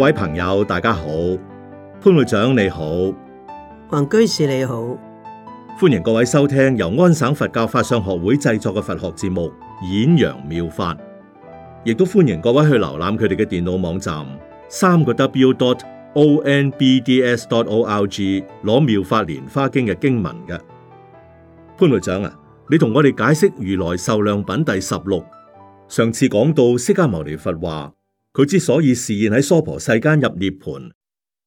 各位朋友，大家好，潘會長你好，黃居士你好，歡迎各位收聽由安省佛教法相學會製作嘅佛學節目《演揚妙法》，亦都歡迎各位去瀏覽佢哋嘅電腦網站三個 W.onbds.org 攞妙法蓮花經嘅經文嘅。潘會長啊，你同我哋解釋如來壽量品第十六，上次講到釋迦牟尼佛話。佢之所以示現喺娑婆世間入涅槃，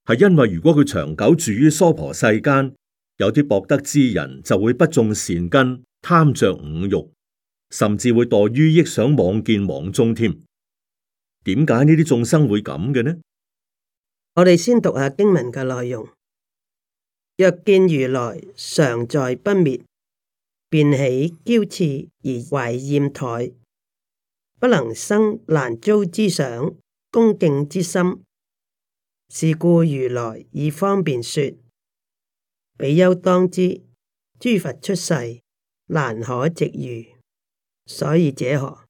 係因為如果佢長久住於娑婆世間，有啲薄德之人就會不種善根，貪著五欲，甚至會墮於憶想妄見網中添。點解呢啲眾生會咁嘅呢？我哋先讀下經文嘅內容：若見如來常在不滅，便起憍恣而懷厭怠。不能生難遭之想，恭敬之心。是故如來以方便說，比丘當知，諸佛出世難可值遇。所以者何？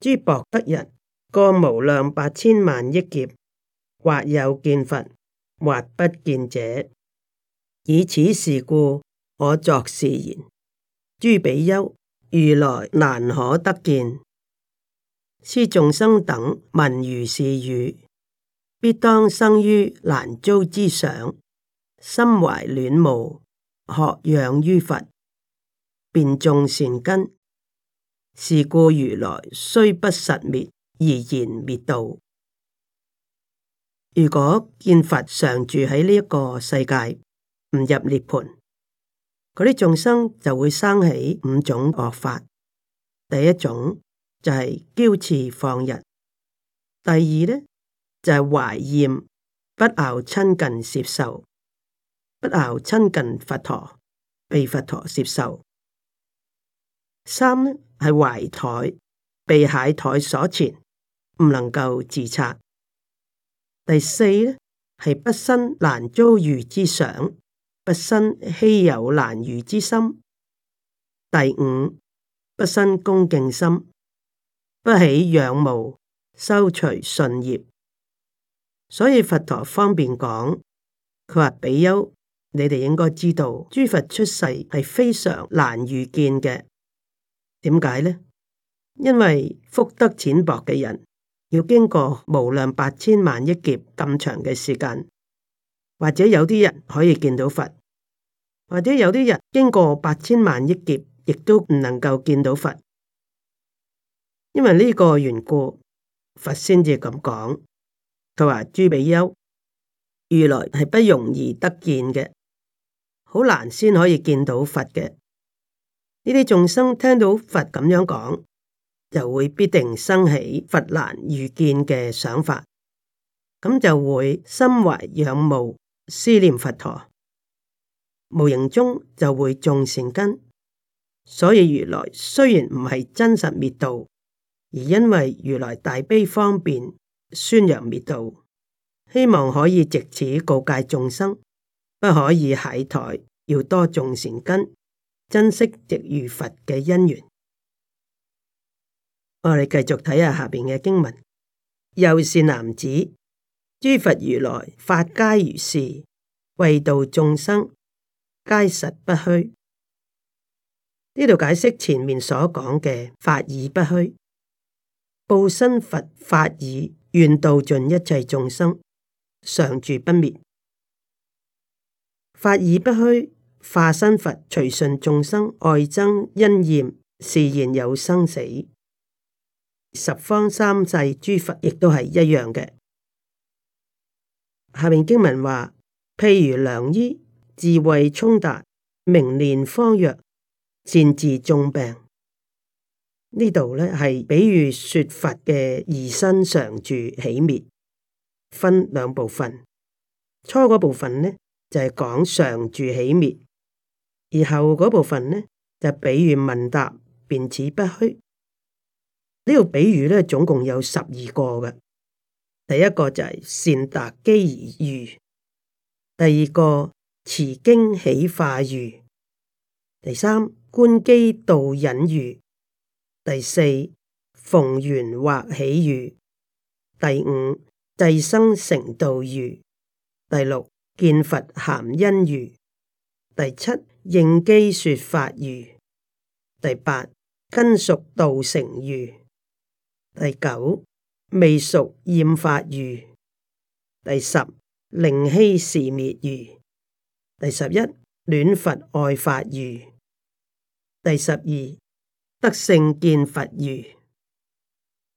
諸薄德人，過無量百千萬億劫，或有見佛，或不見者。以此事故，我作是言：諸比丘，如來難可得見。施眾生等，聞如是語，必當生於難遭之想，心懷戀慕，渴仰於佛，便種善根。是故如來雖不實滅，而言滅度。如果見佛常住喺呢一個世界，唔入涅槃，嗰啲眾生就會生起五種惡法。第一種。就係驕持放逸。第二呢，就係懷厭不熬親近攝受，不熬親近佛陀被佛陀攝受。三呢，係懷怠被懈怠所纏，唔能夠自察。第四呢，係不生難遭遇之想，不生稀有難遇之心。第五，不生恭敬心。不起仰慕，收除信業，所以佛陀方便講，佢話，比丘，你哋應該知道，諸佛出世係非常難遇見嘅。點解呢？因為福德淺薄嘅人，要經過無量八千萬億劫咁長嘅時間，或者有啲人可以見到佛，或者有啲人經過八千萬億劫，亦都唔能夠見到佛。因為呢個緣故，佛先至咁講，佢話諸比丘，如來係不容易得見嘅，好難先可以見到佛嘅。呢啲眾生聽到佛咁樣講，就會必定生起佛難遇見嘅想法，咁就會心懷仰慕、思念佛陀，無形中就會種善根。所以如來雖然唔係真實滅度。而因為如來大悲方便宣揚滅度，希望可以借此告誡眾生，不可以懈怠，要多種善根，珍惜值遇佛嘅因緣。我哋繼續睇下下邊嘅經文，又善男子，諸佛如來法皆如是，為度眾生，皆實不虛。呢度解釋前面所講嘅法而不虛。報身佛法爾願度盡一切眾生，常住不滅，法爾不虛。化身佛隨順眾生愛憎恩怨，自然有生死。十方三世諸佛亦都係一樣嘅。下面經文話，譬如良醫智慧聰達，明練方藥，善治重病。呢度呢係比喻說法嘅二身常住起滅，分兩部分。初嗰部分呢就係講常住起滅，而後嗰部分呢就比喻問答便此不虛。呢個比喻呢總共有十二個嘅。第一個就係善達機而喻，第二個持經起化喻，第三觀機導引喻。第四逢緣或喜遇，第五制生成道遇，第六見佛含恩遇，第七應機說法遇，第八根熟道成遇，第九未熟厭法遇，第十靈希時滅遇，第十一戀佛愛法遇，第十二。德性見佛如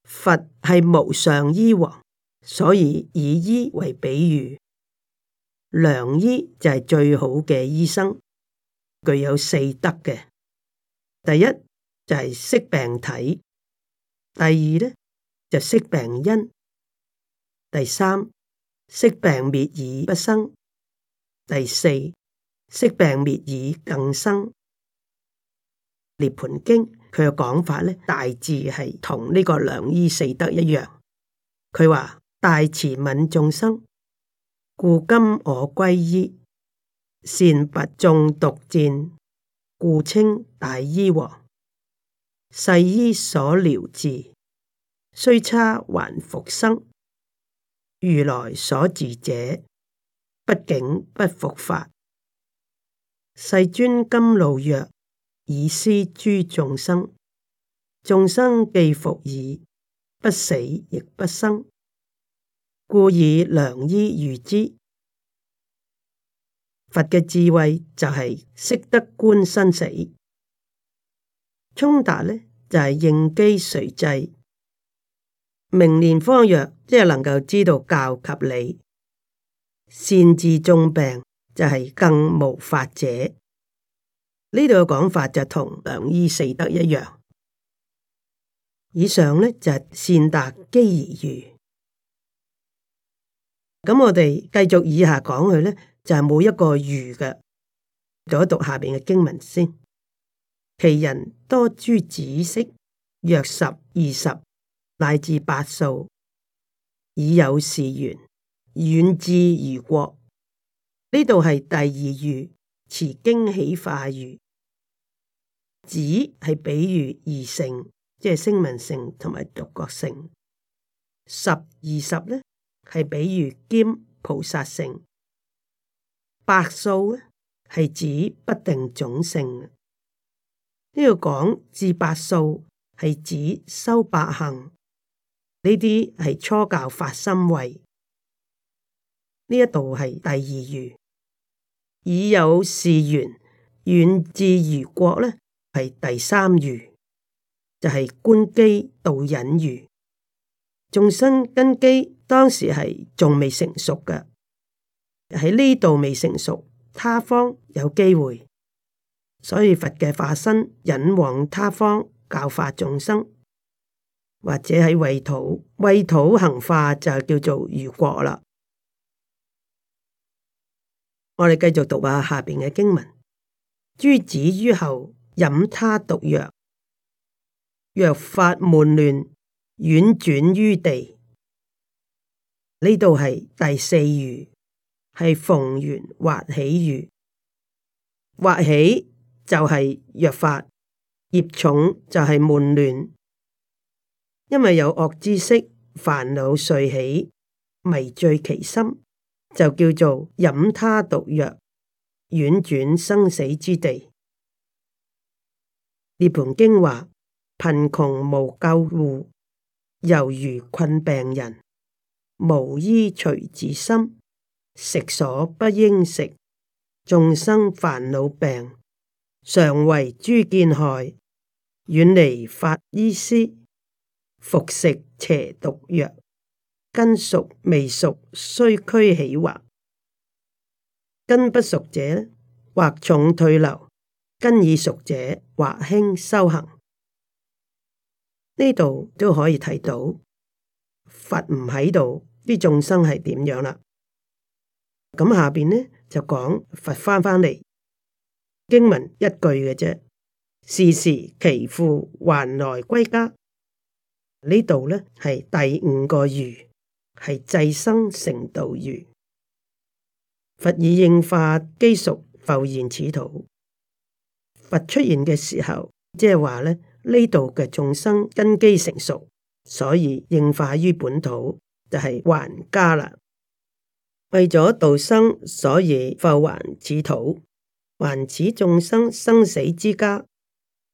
佛係無上醫王，所以以醫為比喻，良醫就係最好嘅醫生，具有四德嘅。第一就係、是、識病體，第二咧就識病因，第三識病滅而不生，第四識病滅而更生。涅槃經。佢嘅講法咧，大致係同呢個良醫四德一樣。佢話：大慈憫眾生，故今我歸依；善拔眾毒箭，故稱大醫王。世醫所療治，雖差還復生；如來所治者，畢竟不復發。世尊甘露藥。以施諸眾生，眾生既服矣，不死亦不生，故以良醫喻之。佛嘅智慧就係識得觀生死，聰達呢，就係、是、應機隨制，明練方藥，即係能夠知道教及理，善治眾病就係更無法者。呢度嘅講法就同良醫四德一樣。以上呢，就是、善達機而喻，我哋繼續以下講佢呢，就係、是、每一個喻嘅。讀一讀下面嘅經文先。其人多諸子息，若十二十乃至百數，以有事緣遠至餘國。呢度係第二喻。持驚喜化喻，指係比喻二性，即係聲聞性同埋獨覺性。十二十咧係比喻兼菩薩性，百數咧係指不定種性。呢度講至百數係指修百行，呢啲係初教發心位。呢一度係第二喻。已有事緣遠至如國，呢係第三如，就係、是、觀機度隱如眾生根基當時係仲未成熟嘅，喺呢度未成熟，他方有機會，所以佛嘅化身引往他方教化眾生，或者喺魏土魏土，行化就叫做如國啦。我哋繼續讀下下邊嘅經文，諸子於後飲他毒藥，藥發悶亂，宛轉於地。呢度係第四喻，係逢緣惑起喻，惑起就係藥發，業重就係悶亂，因為有惡知識煩惱遂起，迷醉其心。就叫做飲他毒藥，宛轉生死之地。涅槃經話：貧窮無救護，猶如困病人；無醫隨自心，食所不應食。眾生煩惱病，常為諸見害，遠離法醫師，服食邪毒藥。根熟，未熟須驅起惑，根不熟者惑重退流，根已熟者惑輕修行。呢度都可以睇到佛唔喺度，啲眾生係點樣喇？噉下面呢，就講佛返返嚟，經文一句嘅啫：「是時其父還來歸家」，呢度呢，係第五個喻。係制生成道如佛以應化基屬浮現此土，佛出現嘅時候，即係話咧呢度嘅眾生根基成熟，所以應化於本土就係、是、還家啦。為咗度生，所以復還此土，還此眾生生死之家。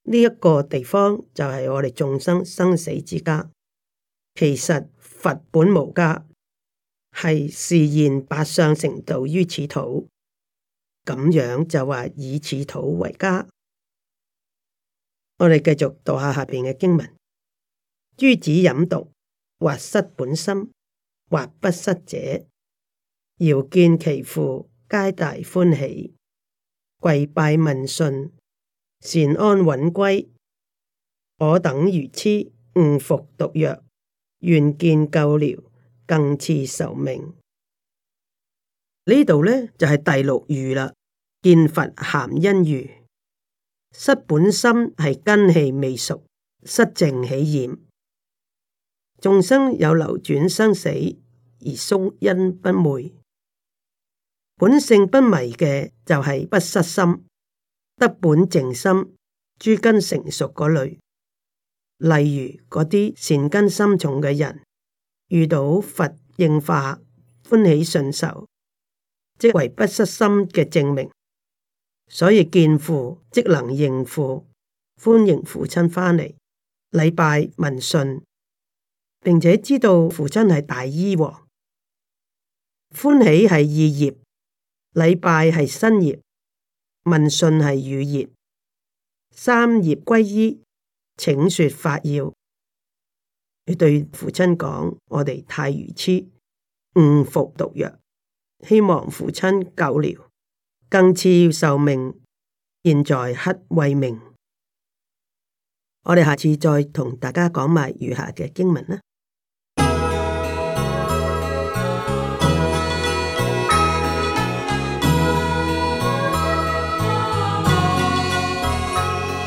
呢、這、一個地方就係我哋眾生生死之家。其實。佛本無家，係示現八相成道於此土，咁樣就話以此土為家。我哋繼續讀下下邊嘅經文：諸子飲毒，或失本心，或不失者，遙見其父，皆大歡喜，跪拜問訊，善安穩歸。我等愚痴，誤服毒藥。願見救療，更賜壽命。呢度呢，就係、是、第六喻啦，見佛含恩喻。失本心係根氣未熟，失淨起染。眾生有流轉生死，而宿因不昧，本性不迷嘅就係不失心，得本淨心，諸根成熟嗰類。例如嗰啲善根深重嘅人，遇到佛應化，歡喜信受，即為不失心嘅證明。所以見父即能迎父，歡迎父親翻嚟禮拜問訊，並且知道父親係大醫王。歡喜係意業，禮拜係身業，問訊係語業，三業歸依。請說法要，要對父親講：我哋太愚痴，誤服毒藥，希望父親救了，更賜壽命。現在乞慧命，我哋下次再同大家講埋餘下嘅經文啦。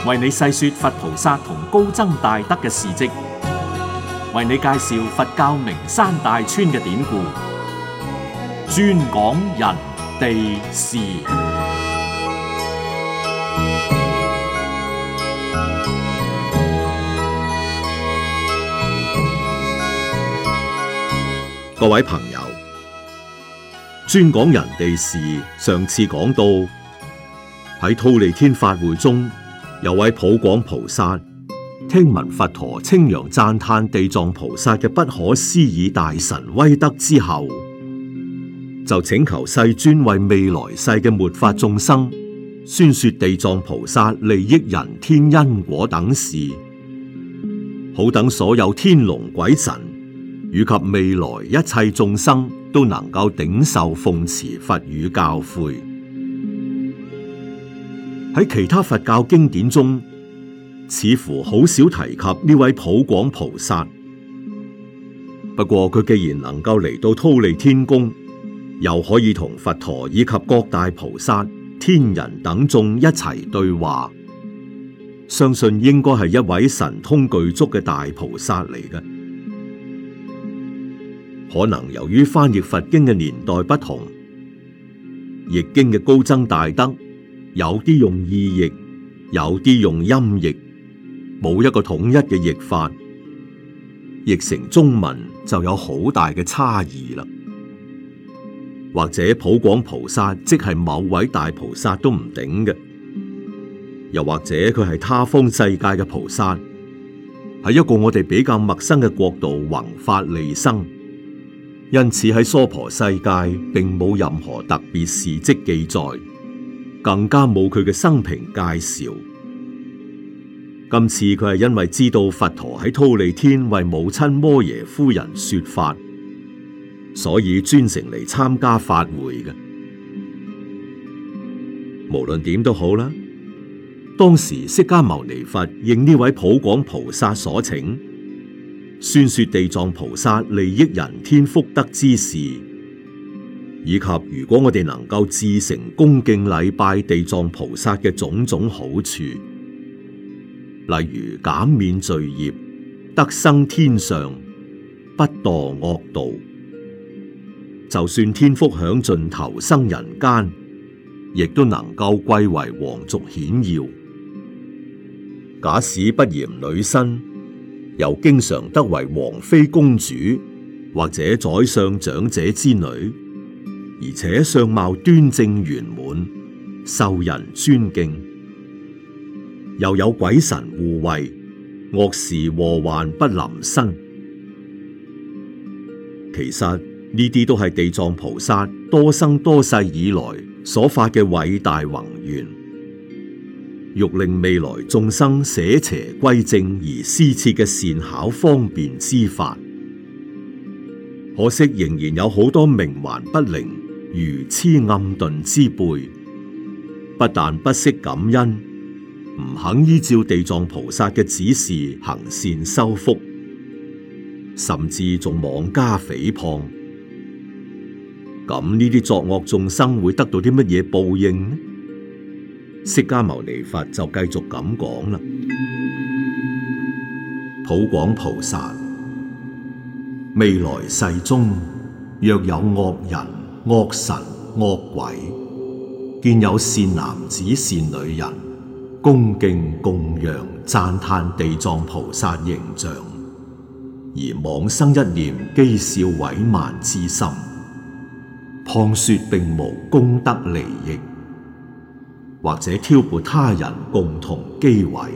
為你細說佛菩薩同高僧大德嘅事蹟，為你介紹佛教名山大川嘅典故，專講人地事。各位朋友，專講人地事。上次講到喺忉利天法會中。有位普廣菩薩聽聞佛陀稱揚讚歎地藏菩薩嘅不可思議大神威德之後，就請求世尊為未來世嘅末法眾生宣說地藏菩薩利益人天因果等事，好等所有天龍鬼神以及未來一切眾生都能夠頂受奉持佛語教誨。喺其他佛教經典中，似乎好少提及呢位普廣菩薩。不過佢既然能夠嚟到忉利天宮，又可以同佛陀以及各大菩薩、天人等眾一齊對話，相信應該係一位神通具足嘅大菩薩嚟嘅。可能由於翻譯佛經嘅年代不同，譯經嘅高僧大德。有啲用意譯，有啲用音譯，冇一個統一嘅譯法，譯成中文就有好大嘅差異啦。或者普廣菩薩即係某位大菩薩都唔定嘅，又或者佢係他方世界嘅菩薩，喺一個我哋比較陌生嘅國度弘法利生，因此喺娑婆世界並冇任何特別事跡記載。更加冇佢嘅生平介紹。今次佢係因為知道佛陀喺忉利天為母親摩耶夫人說法，所以專程嚟參加法會嘅。無論點都好啦。當時釋迦牟尼佛應呢位普廣菩薩所請，宣說地藏菩薩利益人天福德之事。以及如果我哋能夠至誠恭敬禮拜地藏菩薩嘅種種好處，例如減免罪孽、得生天上、不墮惡道，就算天福享盡投生人間，亦都能夠貴為皇族顯耀。假使不嫌女身，又經常得為皇妃、公主或者宰相長者之女。而且相貌端正圓滿，受人尊敬，又有鬼神護衛，惡事禍患不臨身。其實呢啲都係地藏菩薩多生多世以來所發嘅偉大宏願，欲令未來眾生捨邪歸正而施設嘅善巧方便之法。可惜仍然有好多冥頑不靈。如痴暗鈍之輩，不但不惜感恩，唔肯依照地藏菩薩嘅指示行善修福，甚至仲妄加誹謗。咁呢啲作惡眾生會得到啲乜嘢報應呢？釋迦牟尼佛就繼續咁講啦：普廣菩薩，未來世中若有惡人，惡神惡鬼見有善男子善女人恭敬供養讚歎地藏菩薩形象，而妄生一念譏笑毀慢之心，謗說並無功德利益，或者挑撥他人共同譏毀，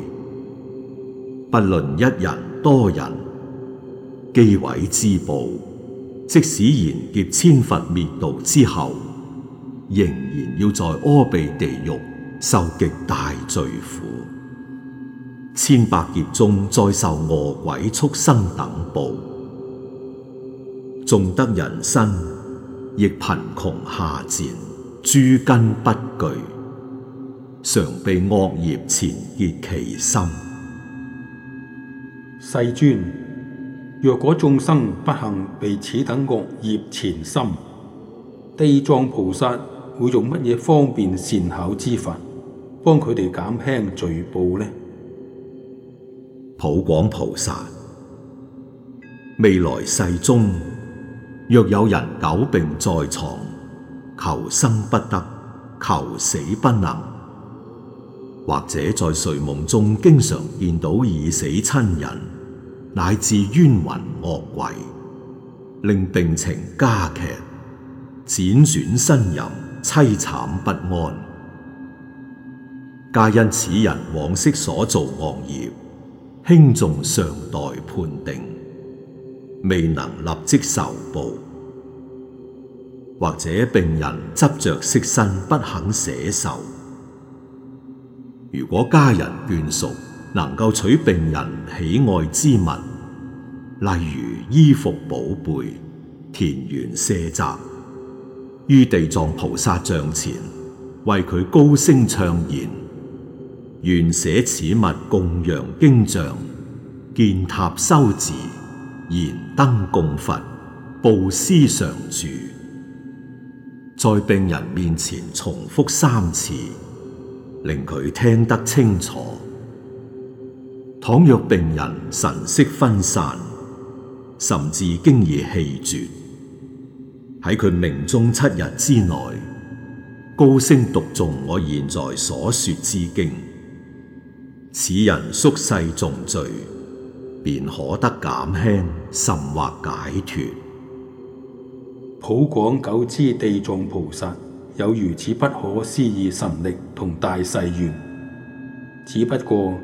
不論一人多人譏毀之報。即使賢劫千佛滅度之後，仍然要在阿鼻地獄受極大罪苦，千百劫中再受餓鬼畜生等報，縱得人身，亦貧窮下賤，諸根不具，常被惡業纏結其心。世尊。若果眾生不幸被此等惡業纏心，地藏菩薩會用乜嘢方便善巧之法，幫佢哋減輕罪報呢？普廣菩薩，未來世中，若有人久病在床，求生不得，求死不能，或者在睡夢中經常見到已死親人。乃至冤魂惡鬼，令病情加劇，輾轉呻吟，淒慘不安。皆因此人往昔所做惡業，輕重尚待判定，未能立即受報。或者病人執着色身，不肯捨壽。如果家人眷屬，能夠取病人喜愛之物，例如衣服、寶貝、田園、舍宅，於地藏菩薩像前為佢高聲唱言，願捨此物供養經像，建塔修寺，燃燈供佛，布施常住，在病人面前重複三次，令佢聽得清楚。倘若病人神色分散，甚至經已氣絕，喺佢命終七日之內，高聲讀誦我現在所說之經，此人宿世重罪，便可得減輕甚或解脫。普廣九支地藏菩薩有如此不可思議神力同大誓願，只不過。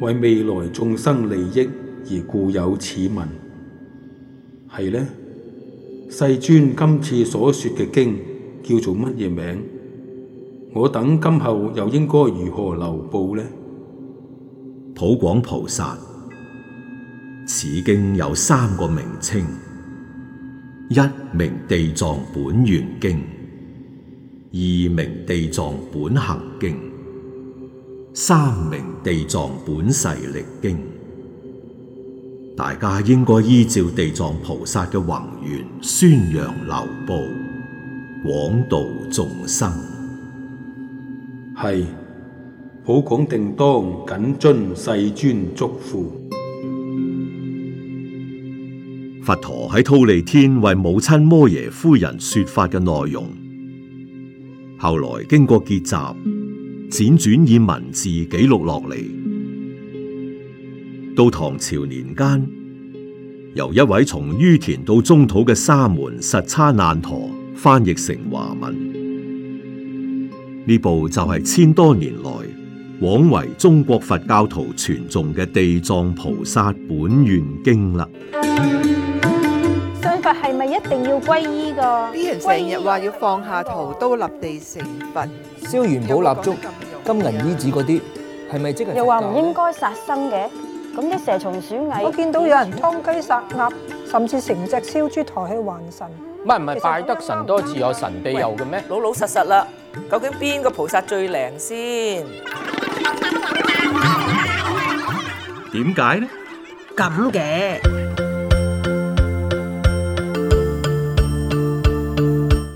為未來眾生利益而故有此問，係呢，世尊今次所說嘅經叫做乜嘢名？我等今後又應該如何流布呢？普廣菩薩，此經有三個名稱：一名《地藏本願經》，二名《地藏本行經》。《三名地藏本誓力經》，大家應該依照地藏菩薩嘅宏願宣揚流布，廣度眾生。係，普廣定當謹遵世尊囑咐。佛陀喺忉利天為母親摩耶夫人說法嘅內容，後來經過結集。輾轉以文字記錄落嚟，到唐朝年間，由一位從于闐到中土嘅沙門實叉難陀翻譯成華文，呢部就係千多年來廣為中國佛教徒傳誦嘅《地藏菩薩本願經》啦。係咪一定要皈依㗎？啲人成日話要放下屠刀立地成佛，燒元寶蠟燭、金銀衣紙嗰啲，係咪即係？又話唔應該殺生嘅，咁啲蛇蟲鼠蟻，我見到有人劏雞殺鴨，甚至成隻燒豬抬去還神。唔係唔係，拜得神多自有神庇佑嘅咩？老老實實啦，究竟邊個菩薩最靈先？點解呢？咁嘅。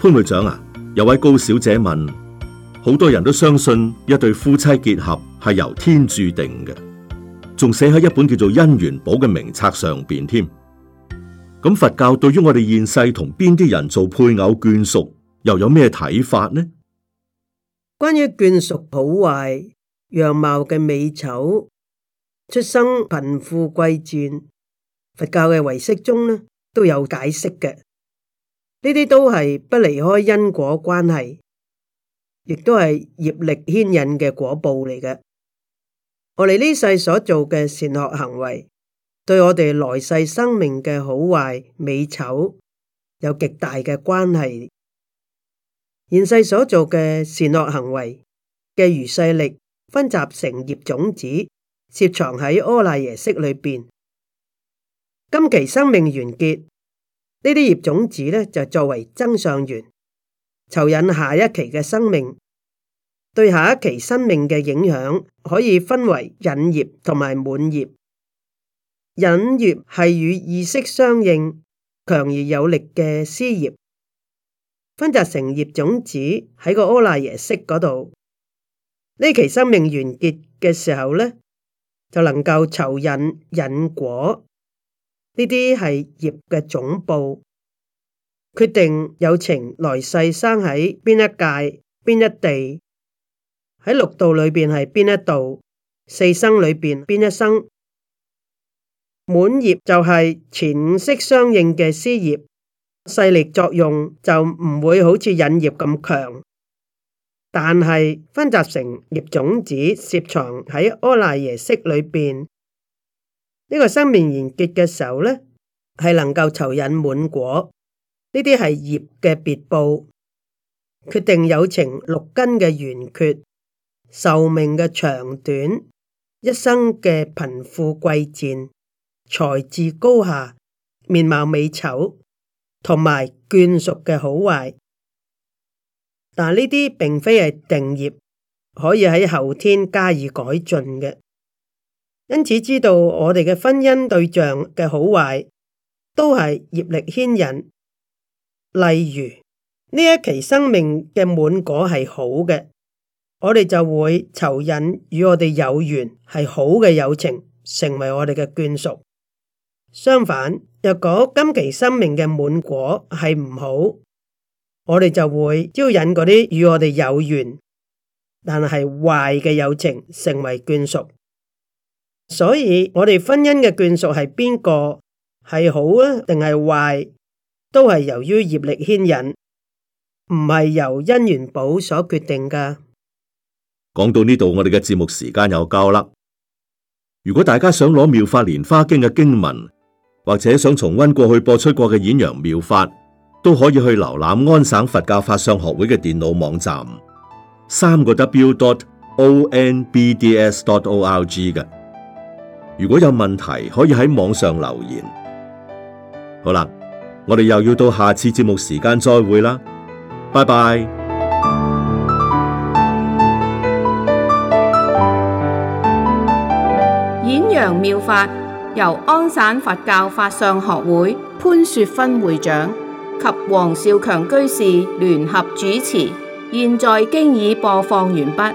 潘會長啊，有位高小姐問：好多人都相信一對夫妻結合係由天注定嘅，仲寫喺一本叫做《姻緣簿》嘅名冊上邊添。咁、嗯、佛教對於我哋現世同邊啲人做配偶眷屬，又有咩睇法呢？關於眷屬好壞、樣貌嘅美醜、出生貧富貴賤，佛教嘅遺釋中呢都有解釋嘅。呢啲都係不離開因果關係，亦都係業力牽引嘅果報嚟嘅。我哋呢世所做嘅善惡行為，對我哋來世生命嘅好壞美醜有極大嘅關係。現世所做嘅善惡行為嘅餘勢力，分集成業種子，攝藏喺阿賴耶識裏邊。今期生命完結。呢啲業種子咧就作為增上緣，酬引下一期嘅生命對下一期生命嘅影響，可以分為引業同埋滿業。引業係與意識相應強而有力嘅思業，分扎成業種子喺個阿賴耶識嗰度。呢期生命完結嘅時候呢，就能夠酬引引果。呢啲係業嘅總報，決定有情來世生喺邊一界、邊一地，喺六道裏面係邊一道、四生裏面邊一生。滿業就係前五識相應嘅思業，勢力作用就唔會好似引業咁強，但係分集成業種子，攝藏喺阿賴耶識裏面。呢個生命完結嘅時候呢係能夠酬引滿果，呢啲係業嘅別報，決定有情六根嘅圓缺、壽命嘅長短、一生嘅貧富貴賤、才智高下、面貌美醜同埋眷屬嘅好壞。但呢啲並非係定業，可以喺後天加以改進嘅。因此知道我哋嘅婚姻對象嘅好壞，都係業力牽引。例如呢一期生命嘅滿果係好嘅，我哋就會吸引與我哋有緣係好嘅有情，成為我哋嘅眷屬。相反，若果今期生命嘅滿果係唔好，我哋就會招引嗰啲與我哋有緣但係壞嘅有情，成為眷屬。所以我哋婚姻嘅眷屬係邊個係好啊，定係壞，都係由於業力牽引，唔係由姻緣簿所決定噶。講到呢度，我哋嘅節目時間又夠啦。如果大家想攞妙法蓮花經嘅經文，或者想重温過去播出過嘅演揚妙法，都可以去瀏覽安省佛教法相學會嘅電腦網站，三個 W dot O N B D S dot O R G 嘅。如果有問題，可以喺網上留言。好啦，我哋又要到下次節目時間再會啦，拜拜。演揚妙法由安省佛教法相學會潘雪芬會長及黃少強居士聯合主持，現在經已播放完畢。